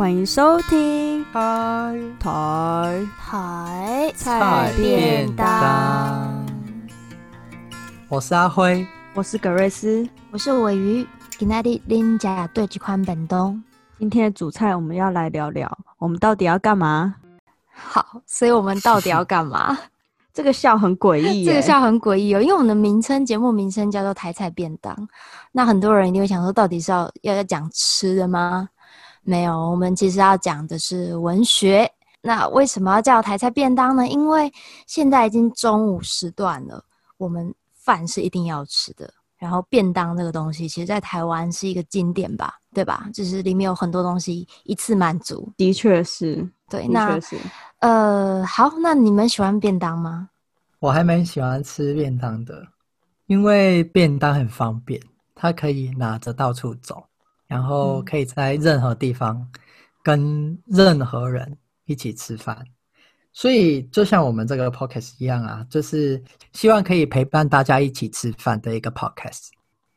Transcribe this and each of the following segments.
歡迎收聽台台，台菜便當，台台便當。我是阿輝，我是葛瑞斯，我是尾魚。今天的家對這款便當，今天的主菜我們要來聊聊，我們到底要幹嘛？好，所以我們到底要幹嘛？ 這、欸？這個笑很詭異，這個笑很詭異哦，因為我們的名稱，節目名稱叫做台菜便當，那很多人一定會想說，到底是要要要講吃的嗎？沒有，我們其實要講的是文學。那為什麼要叫台菜便當呢？因為現在已經中午時段了，我們飯是一定要吃的。然後便當這個東西，其實，在台灣是一個經典吧，對吧？就是裡面有很多東西，一次滿足。的確是，對，的確是，那確實。呃，好，那你們喜歡便當嗎？我還蠻喜歡吃便當的，因為便當很方便，它可以拿着到處走。然後可以在任何地方跟任何人一起吃飯。嗯，所以就像我們這個 podcast 一樣啊，就是希望可以陪伴大家一起吃飯的一個 podcast。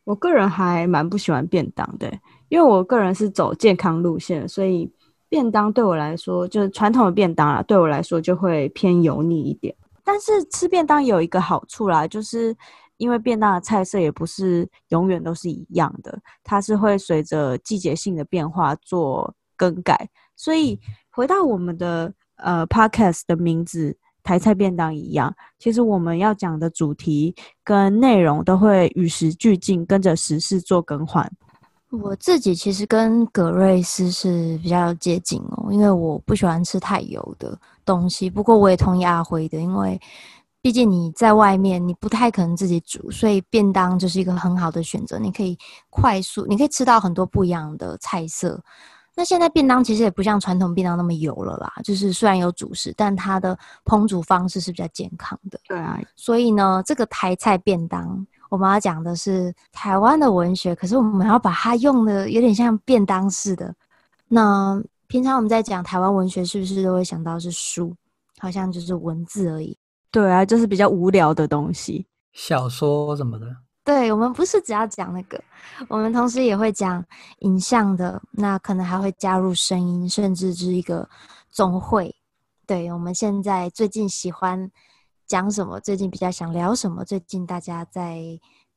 我個人還蠻不喜歡便當的，因為我個人是走健康路線，所以便當對我來說就是傳統的便當啊，對我來說就會偏油膩一點。但是吃便當有一個好處啦，就是。因為便當的菜色也不是永遠都是一樣的，它是會隨着季節性的變化做更改。所以回到我們的呃 podcast 的名字“台菜便當”一樣，其實我們要講的主題跟內容都會與時俱進，跟着時事做更換。我自己其實跟葛瑞斯是比較接近哦，因為我不喜歡吃太油的東西，不過我也同意阿輝的，因為。畢竟你在外面，你不太可能自己煮，所以便當就是一個很好的選擇。你可以快速，你可以吃到很多不一樣的菜色。那現在便當其實也不像傳統便當那麼油了啦，就是雖然有主食，但它的烹煮方式是比較健康的。對啊，所以呢，這個台菜便當，我們要講的是台灣的文學，可是我們要把它用的有點像便當似的。那平常我們在講台灣文學，是不是都會想到是書，好像就是文字而已？對啊，就是比較無聊的東西，小說什麼的。對，我們不是只要講那個，我們同時也會講影像的，那可能還會加入聲音，甚至是一個總會。對，我們現在最近喜歡講什麼，最近比較想聊什麼，最近大家在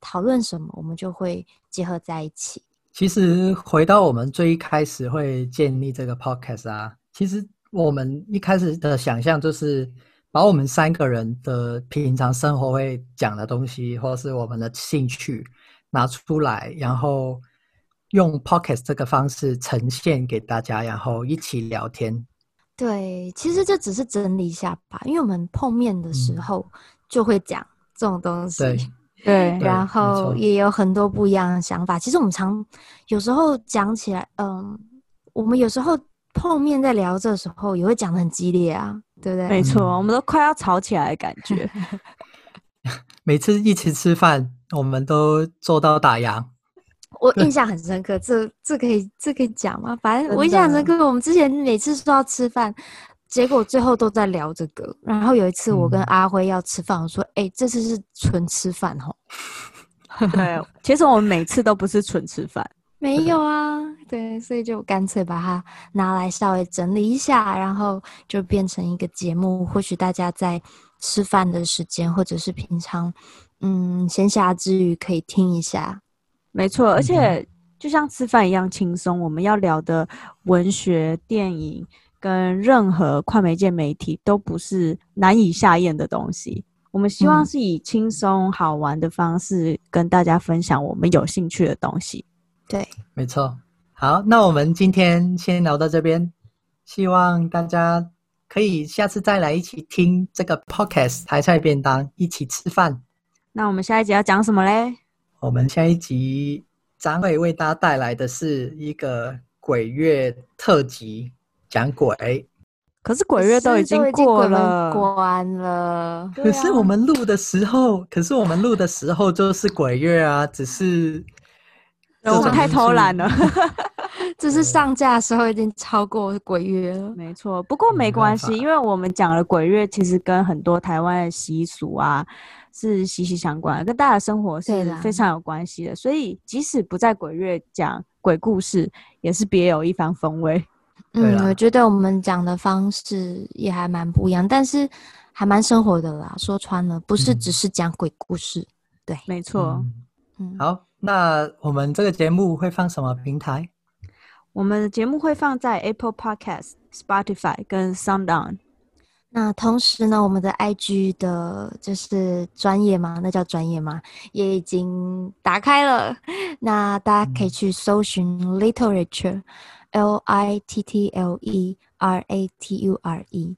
討論什麼，我們就會結合在一起。其實回到我們最一開始會建立這個 podcast 啊，其實我們一開始的想象就是。把我們三個人的平常生活會講的東西，或是我們的興趣拿出來，然後用 podcast 這個方式呈現給大家，然後一起聊天。對，其實這只是整理一下吧，因為我們碰面的時候就會講這種東西。嗯、對對，然後也有很多不一樣的想法。嗯、其實我們常、嗯、有時候講起來，嗯，我們有時候碰面在聊着的時候，也會講得很激烈啊。對對，嗯、沒錯，我們都快要吵起來的感覺。 每次一起吃飯，我們都做到打烊。我印象很深刻，這這可以這可以講嗎？反正我印象很深刻，我們之前每次說要吃飯，結果最後都在聊這個。然後有一次，我跟阿輝要吃飯、嗯，我說：“哎、欸，這次是純吃飯哦。 ”對， 其實我們每次都不是純吃飯。沒有啊，對，所以就乾脆把它拿來稍微整理一下，然後就變成一個節目。或許大家在吃飯的時間，或者是平常，嗯，閒暇之餘可以聽一下。沒錯，嗯、而且、嗯、就像吃飯一樣輕鬆。我們要聊的文學、電影跟任何快媒介媒體都不是難以下咽的東西。我們希望是以輕鬆好玩的方式、嗯、跟大家分享我們有興趣的東西。對，沒錯。好，那我們今天先聊到這邊，希望大家可以下次再來一起聽這個 podcast，台菜便當，一起吃飯。那我們下一集要講什麼嘞？我們下一集展偉為大家帶來的是一個鬼月特輯，講鬼。可是鬼月都已經過了關了。可是我們錄的時候、啊，可是我們錄的時候就是鬼月啊，只是。嗯、我們太偷懶了， 這是上架的時候已經超過鬼月了。沒錯，不過沒關係，因為我們講的鬼月其實跟很多台灣的習俗啊是息息相關的，跟大家的生活是非常有關係的。所以即使不在鬼月講鬼故事，也是別有一番風味。嗯，我覺得我們講的方式也還蠻不一樣，但是還蠻生活的啦。說穿了，不是只是講鬼故事。嗯、對，沒錯，嗯、嗯。嗯，好。那我們這個節目會放什麼平台？我們的節目會放在 Apple Podcast、Spotify 跟 SoundOn。那同時呢，我們的 IG 的就是專業嘛，那叫專業嗎？也已經打開了。那大家可以去搜尋 Literature，L、嗯、I T T L E R A T U R E。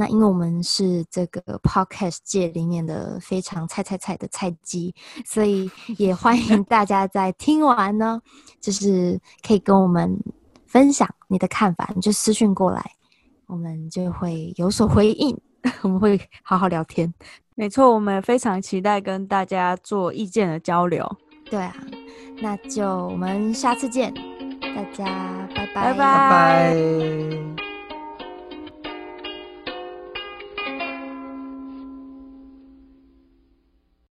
那因為我們是這個 podcast 界裡面的非常菜菜菜的菜雞，所以也歡迎大家在聽完呢， 就是可以跟我們分享你的看法，你就私訊過來，我們就會有所回應， 我們會好好聊天。沒錯，我們非常期待跟大家做意見的交流。對啊，那就我們下次見，大家拜拜拜拜。Bye bye bye bye